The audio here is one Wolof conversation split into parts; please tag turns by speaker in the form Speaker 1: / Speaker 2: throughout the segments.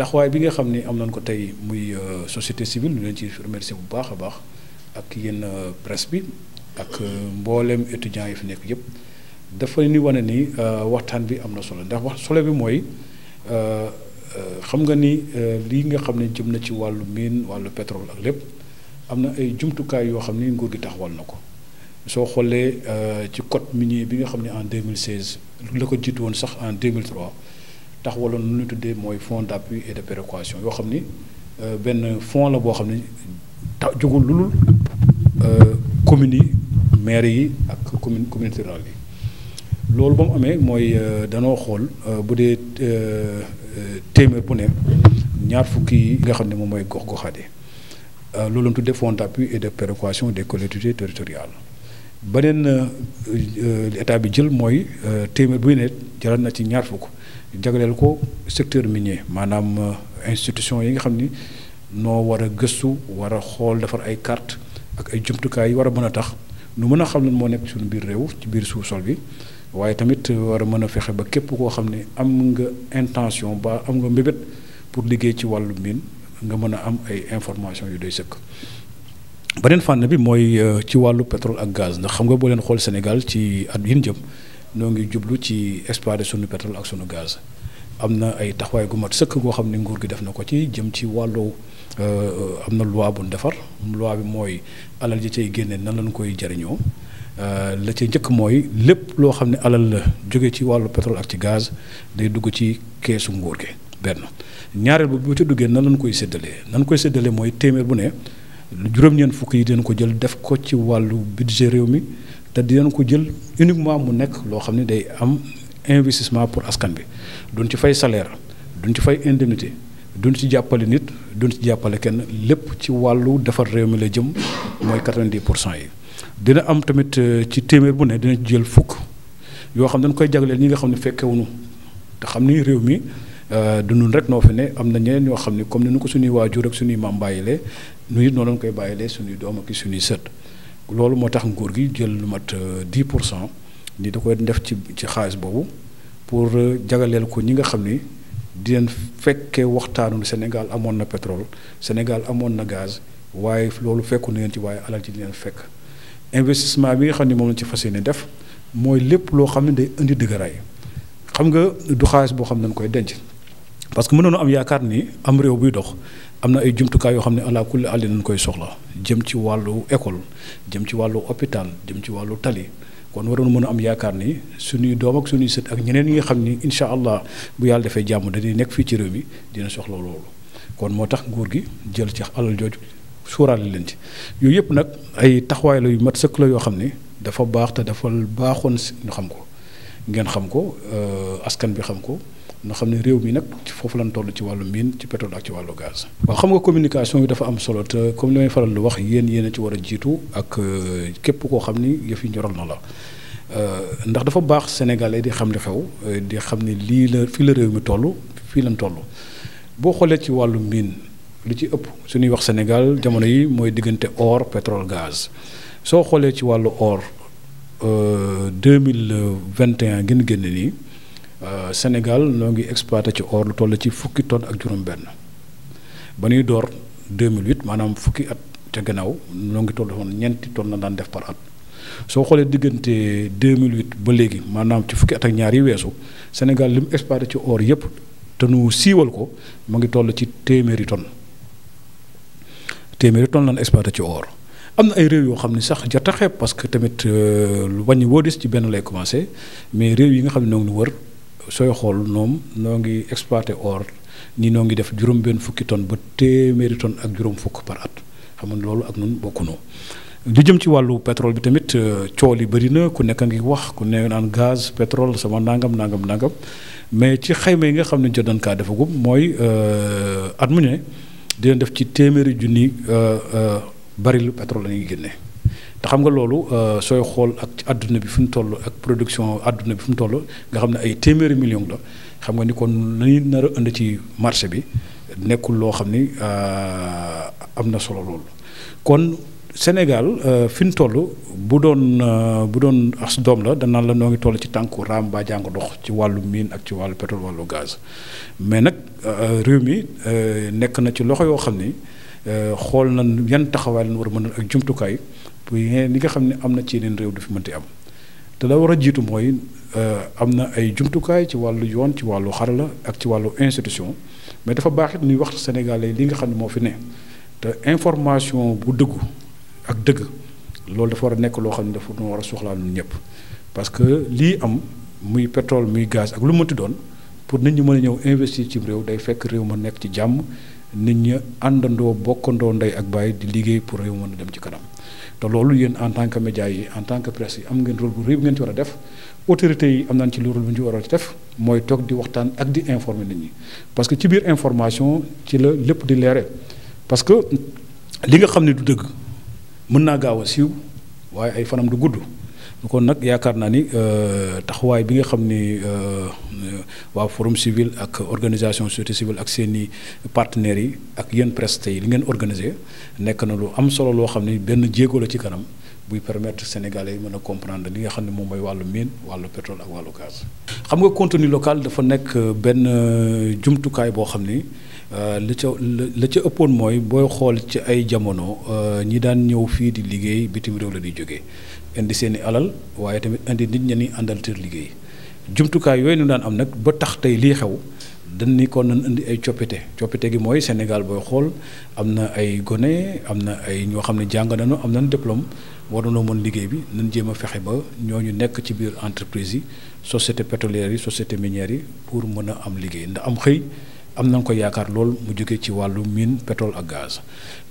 Speaker 1: taxawaay bi nga xam ni am nañ ko tey muy euh, société civile ñu leen ci remercier bu baax a baax ak yenn euh, presse bi ak euh, mboolem étudiants yi fi nekk yëpp dafa ni wane ni waxtaan bi am na solo ndax wax solo bi mooy xam nga ni lii nga xam ne jëm na ci wàllu mine wàllu pétrole ak lépp am na ay jumtukaay yoo xam ni nguur gi taxawal na ko soo xoolee ci code minier bi nga xam ne en 2016 la ko jiitu woon sax en 2003 taxawaloon lu tuddee mooy fonds d' appui et de péréquation yoo xam ni euh, benn fonds la boo xam ni ta jógul lu lul euh, communes yi maires yi ak commune communauté rurale yi loolu ba mu amee mooy euh, danoo xool bu dee téeméer bu ne ñaar fukk yi nga xam ne moom mooy gox goxaate loolu la ñu tuddee fonds d' et de péréquation des collectivités territoriales beneen état bi jël mooy téeméer bu ne jaral na ci ñaar fukk. jagleel ko secteur minier maanaam euh, institution yi nga xam ni noo war a gëstu war a xool defar ay carte ak ay jumtukaay yi war a mën a tax nu mën a xam lan moo nekk suñu biir réew ci biir suuf sol bi waaye tamit euh, war a mën a fexe ba képp koo xam ne am nga intention ba am nga mbébét pour liggéey ci wàllu mine nga mën a am ay information yu doy sëkk beneen fànn bi mooy euh, ci wàllu pétrole ak gaz ndax xam nga boo leen xool Sénégal ci at yin jëm noo ngi jublu ci exploiter sunu pétrole ak sunu gaz am na ay taxawaay gu mat sëkk goo xam ne nguur gi def na ko ci jëm ci wàllu euh, am na loi bu defar loi bi mooy alal ji cay génne nan lañ koy jariñoo euh, la cay njëkk mooy lépp loo xam ne alal la jóge ci wàllu pétrole ak ci gaz day dugg ci keesu nguur gi benn ñaareel bu bu ci duggee nan lañ koy séddalee nan koy séddalee mooy téeméer bu ne juróom-ñeent fukk yi dañ ko jël def ko ci wàllu budget réew mi te dinañ ko jël uniquement mu nekk loo xam ne day am investissement pour askan bi duñ ci fay saleer duñ ci fay indemnité duñ ci jàppale nit duñ ci jàppale kenn lépp ci wàllu defar réew mi la jëm mooy 90 pour cent yi. dina am tamit euh, ci téeméer bu ne dina jël fukk yoo xam dañ koy jagleel ñi nga xam ne fekkewuñu te xam ni réew mi euh, du nun rek noo fi ne am na ñeneen ñoo xam ne comme ni nu ko suñuy waajur ak suñuy maam bàyyilee nu it noonu lañ koy bàyyilee suñuy doom ak suñuy loolu moo tax nguur gi jël lu mat 10 euh, pour cent ni da koy def ci ci xaalis boobu pour euh, jagaleel ko ñi nga xam ni di leen fekkee waxtaanu Sénégal amoon na pétrole Sénégal amoon na gaz waaye loolu fekku na leen ci waaye alal ci di leen fekk investissement bi nga xam ne moom lañ ci fas yéene def mooy lépp loo xam ne day indi dëgëraay xam nga du xaalis boo xam ne dañ koy denc. parce que mënoon am yaakaar ni am réew buy dox am na ay jumtukaay yoo xam ne ala kulli àlli nañ koy soxla jëm ci wàllu école jëm ci wàllu hôpital jëm ci wàllu tali kon waroon mën a am yaakaar ni suñuy doom ak suñuy sët ak ñeneen yi nga xam ni incha allah bu yàlla defee jàmm dañuy nekk fii ci réew mi dina soxla loolu kon moo tax nguur gi jël ci alal jooju suuraale leen ci yooyu yëpp nag ay taxawaay la yu mat sëkk la yoo xam ni dafa baax te dafa baaxoon ñu xam ko ngeen xam ko euh, askan bi xam ko. noo xam ne réew mi nag foofu lañ toll ci wàllu mine ci pétrole ak ci wàllu gaz. waaw xam nga communication bi dafa am solo comme li may faral di wax yéen yéen a ci war a jiitu ak euh, képp koo xam ni yëf yi na la euh, ndax dafa baax sénégalais di xam li xew euh, di xam ne lii la fii la réew mi toll fii lañ toll boo xoolee ci wàllu mine li ci ëpp su suñuy wax Sénégal jamono yi mooy diggante or pétrole gaz soo xoolee ci wàllu or 2021 gën génn nii. Euh, Sénégal noo ngi exploité ci or lu toll ci fukki tonnes ak juróom-benn ba nuy door 2008 maanaam fukki at ca gannaaw noo ngi toll woon ñeenti tonnes la daan def par at soo xoolee diggante deux 2008 ba léegi maanaam ci fukki at ak ñaari yi weesu Sénégal li mu exploité ci or yëpp te nu siiwal ko mu ngi toll ci téeméeri tonnes téeméeri ton lan exploité ci or. am na ay réew yoo xam ne sax jarta xeeb parce que tamit euh, lu wàññi woo des ci benn lay commencé mais réew yi nga xam ne ñoo ngi wër. sooy xool ñoom noo ngi exploité or nii noo ngi def juróom-benn fukki tonne ba téeméeri tonne ak juróom fukk par at xam nga loolu ak bokk bokkunoo lu jëm ci wàllu pétrole bi tamit euh, coow li bëri na ku nekk a ngi wax ku ne naan gaz pétrole sama nangam nangam nangam mais ci xayma yi nga xam ne jot nañ kaa defagum mooy euh, at mu ne dina def ci téeméeri junni euh, baril pétrole la ñuy génne. te xam nga loolu euh, sooy xool ak àdduna bi fi mu toll ak production àdduna fi mu toll nga xam ne ay téeméeri million la xam nga ni kon lañuy nar a indi ci marché bi nekkul loo xam ni euh, am na solo loolu kon Sénégal euh, fi mu toll bu doon bu doon as doom la danaan la noo ngi toll ci tànku raam baa jàng dox ci wàllu miin ak ci wàllu pétrole wàllu gaz mais nag réew mi nekk na ci loxo yoo xam ni xool na yan taxawaay lañ war a mën ak jumtukaay Eh, li nga xam ne am na ci yeneen réew du fi mënti am te la war a jiitu mooy eh, am na ay jumtukaay ci wàllu yoon ci wàllu xarala ak ci wàllu institution mais dafa baax it nuy wax sénégalais li nga xam ne moo fi ne te information bu dëggu ak dëgg loolu dafa war a nekk loo xam ne dafa war a soxlaa ñun ñëpp parce que lii am muy pétrole muy gaz ak lu mënti doon pour nit ñi mën a ñëw investir ci réew day fekk réew ma nekk ci jàmm nit ñi àndandoo bokkandoo ndey ak bàyyi di liggéey pour réew mën a dem ci kanam. te loolu yéen en tant que média yi en tant que presse yi am ngeen rôle bu rëy bu ngeen ci war a def autorité yi am nañ ci rôle bu ñu ci war a def mooy toog di waxtaan ak di informer nit ñi parce que ci biir information ci la lépp di leere parce que li nga xam ne du dëgg mën naa gaaw a siiw waaye ay fanam du gudd. kon nag yaakaar naa ni euh, taxawaay bi nga xam ni euh, waa forum civil ak organisation société civile ak seen i partenaires yi ak yéen presse yi li ngeen organisé nekk na lu am solo loo xam ni benn jéego la ci kanam buy permettre sénégalais yi mën a comprendre li nga xam ne moom mooy wàllu mine wàllu pétrole ak wàllu gaz. xam nga contenu local dafa nekk euh, benn jumtukaay boo xam ni li ca la ca ëppoon mooy booy xool ci ay jamono ñi daan ñëw fii di liggéey bitim réew la di jógee. indi seen i alal waaye tamit indi nit ña ni àndal liggéey jumtukaay yooyu na daan am nag ba tax tey lii xew dañ ni ko nan indi ay coppite coppite gi mooy Sénégal booy xool am na ay gone am na ay ñoo xam ne jàng nañu am nañu diplôme war nañoo mën liggéey bi nan jéem a fexe ba ñoo ñu nekk ci biir entreprise yi société pétrolière yi société minière yi pour mën a am liggéey ndax am xëy. am na ko yaakaar lool mu jóge ci wàllu mine pétrole ak gaz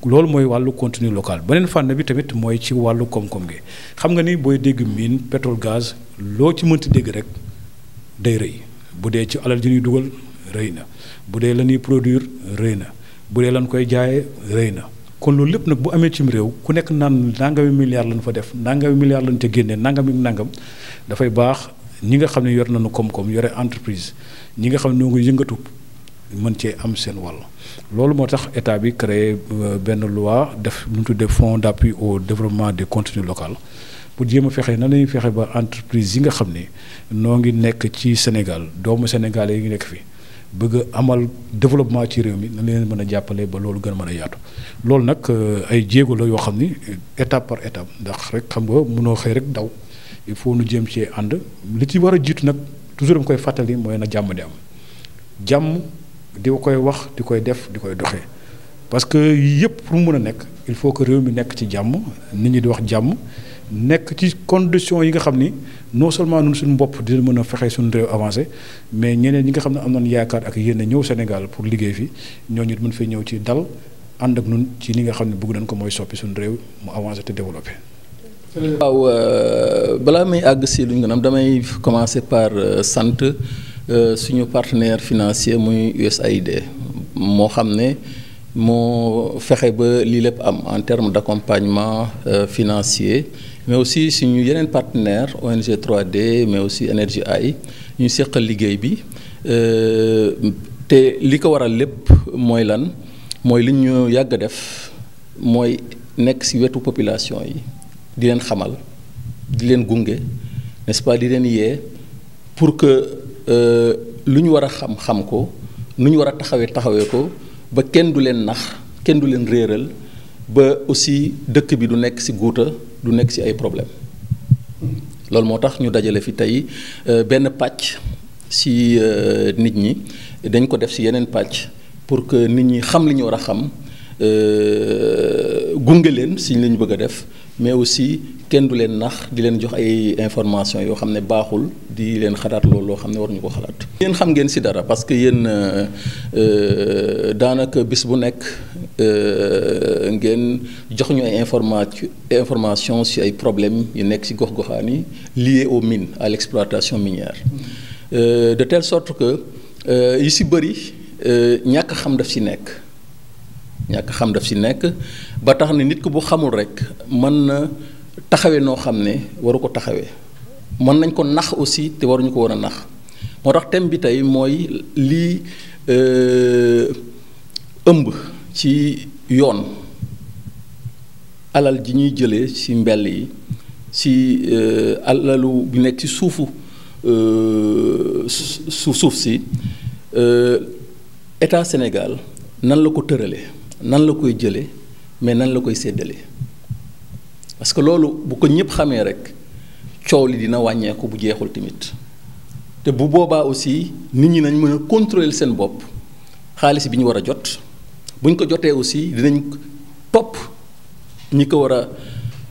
Speaker 1: loolu mooy wàllu contenu local beneen fànn bi tamit mooy ci wàllu koom-koom gi xam nga ni booy dégg mine pétrole gaz loo ci mënti dégg rek day rëy bu dee ci alal ji ñuy dugal rëy na bu dee la ñuy produire rëy na bu dee lan koy jaayee rëy na kon loolu lépp nag bu amee cim réew ku nekk naan nangami milliard lañ fa def nangami milliard lañ te génnee nangam nangam dafay baax ñi nga xam ne yor nañu koom-koom yore entreprise ñi nga xam ne yëngatu mën cee am seen wàll loolu moo tax état bi créé euh, benn loi def lu ñu tuddee fonds d' appui au développement des contenus local pour jéem a fexe nan la fexe ba entreprise yi nga xam ni noo ngi nekk ci Sénégal doomu Sénégalais yi ngi nekk fi bëgg amal développement ci réew mi na leen mën a jàppale ba loolu gën a mën a yaatu loolu nag euh, ay jéego la yoo xam ni étape par étape ndax rek xam nga mënoo xëy rek daw il faut nu jéem cee ànd li ci war a jiitu nag toujours dama koy fàttali mooy na jàmm di di koy wax di koy def di koy doxee parce que yëpp mu mun a nekk il faut que réew mi nekk ci jàmm nit ñi di wax jàmm nekk ci condition yi nga xam ni non seulement ñun suñu bopp dina mën a fexe suñu réew avancé mais ñeneen ñi nga xam ne am nañu yaakaar ak yéen a ñëw Sénégal pour liggéey fi ñoo ñu mun fay ñëw ci dal ànd ak ñun ci li nga xam ne bugg nañ ko mooy soppi suñu réew mu avancé te développé.
Speaker 2: waaw euh, balaa may àgg si lu ñu gën damay commencer par euh, sant. Euh, suñu partenaire financier muy USAID moo xam ne moo fexe ba lii lépp am en terme d' accompagnement euh, financier mais aussi suñu yeneen partenaire ONG 3D mais aussi Energy ay ñu seqal liggéey bi euh, te li ko waral lépp mooy lan mooy li ñu yàgg def mooy nekk ci wetu population yi di leen xamal di leen gunge nest pas di leen yee pour que. Euh, lu ñu war a xam xam ko nu ñu war a taxawee taxawee ko ba kenn du leen nax kenn du leen réeral ba aussi dëkk bi du nekk ci guuta du nekk ci ay problème loolu moo tax ñu dajale fi tey euh, benn pàcc ci euh, nit ñi dañ ko def ci yeneen pàcc pour que nit ñi xam li ñu war a xam gunge leen ci lañu bëgg a def mais aussi kenn du leen nax di leen jox ay information yoo xam ne baaxul di leen xalaat loolu loo xam ne waruñu ko xalaat. yéen xam ngeen si dara parce que yéen euh, euh, daanaka bis bu nekk euh, ngeen jox ñu ay information si ay problèmes yu nekk ci gox-goxaan yi au mine mines à l'exploitation minière de telle sorte que yu ci bari ñàkk xam daf si nekk. ñàkk xam daf si nekk ba tax ne nit ko bu xamul rek mën na taxawee noo xam ne waru ko taxawee mën nañ ko nax aussi te waruñu ko war a nax moo tax thème bi tey mooy lii euh, ëmb ci yoon alal ji ñuy jëlee ci mbel yi ci euh, alalu bi nekk ci suufu euh, suuf suuf si état Sénégal nan la ko tëralee. nan la koy jëlee mais nan la koy séddalee parce que loolu bu ko ñëpp xamee rek coow li dina wàññeeku bu jeexul tamit te bu boobaa aussi nit ñi nañ mën a contrôler seen bopp xaalis bi ñu war a jot bu ñu ko jotee aussi dinañ topp ñi ko war a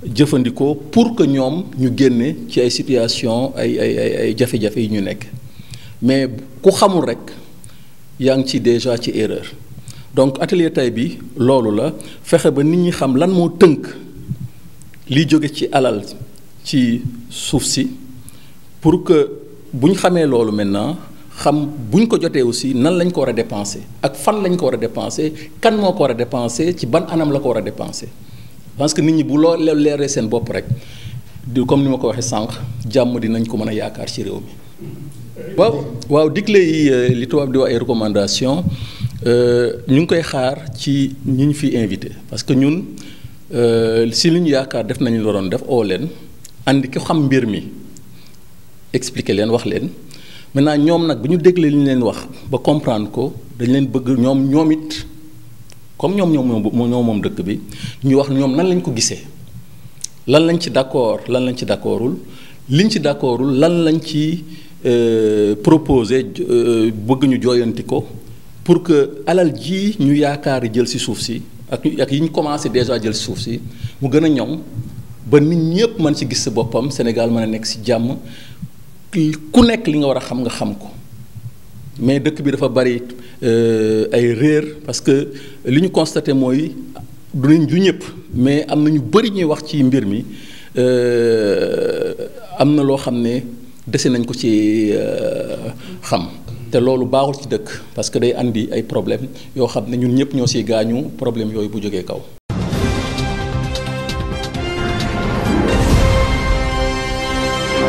Speaker 2: jëfandikoo pour que ñoom ñu génne ci ay situation ay ay ay ay jafe-jafe yi ñu nekk mais ku xamul rek yaa ngi ci déjà ci erreur. donc atelier tay bi loolu la fexe ba nit ñi xam lan moo tënk liy jóge ci alal ci suuf si pour que bu ñu xamee loolu maintenant xam bu ñu ko jotee aussi nan lañ ko war a dépenser ak fan lañ ko war a dépenser kan moo ko war a dépenser ci ban anam la ko war a dépenser parce que nit ñi bu loo leeree seen bopp rek di comme ni ma ko waxee sànq jàmm dinañ ko mën a yaakaar ci réew mi. waaw waaw digle yi euh, tubaab di wax ay recommandations. Euh, ñu ngi koy xaar ci ñi ñu fi invité parce que ñun euh, si li ñu yaakaar def nañu waroon def oo leen andi ki xam mbir mi expliquer leen wax leen maintenant ñoom nag bu ñu déglee li ñu leen wax ba comprendre ko dañ leen bëgg ñoom ñoom it comme ñoom ñoom ñoom moom dëkk bi ñu wax ñoom nan lañ ko gisee lan lañ ci d'accord lan lañ ci d'accordul liñ ci d'accordul lan lañ ci euh, proposé bëgg ñu jooyanti ko. pour que alal ji ñu yaakaar jël si suuf si ak ak yi ñu commencé déjà jël si suuf si mu gën a ñoŋ ba nit ñëpp mën si gis sa boppam Sénégal mën a nekk si jàmm ku nekk li nga war a xam nga xam ko mais dëkk bi dafa bari euh, ay réer parce que li ñu constaté mooy dunañ ju ñëpp mais am na ñu bari ñuy wax ci mbir mi euh, am na loo xam ne dese nañ ko ci euh, xam. te loolu baaxul ci dëkk parce que day andi ay problème yoo xam ne ñun ñëpp ñoo siy gaañu problème yooyu bu jógee kaw.